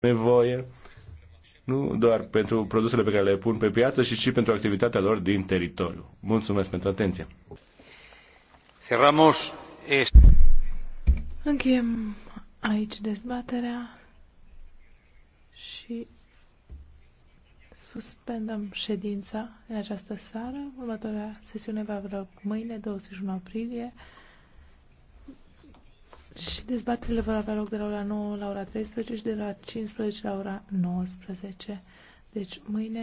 nevoie, nu doar pentru produsele pe care le pun pe piață, ci și pentru activitatea lor din teritoriu. Mulțumesc pentru atenție. Cerramos. Încheiem aici dezbaterea și suspendăm ședința în această seară. Următoarea sesiune va avea loc mâine, 21 aprilie. Dezbaterile vor avea loc de la ora 9 la ora 13 și de la 15 la ora 19. Deci mâine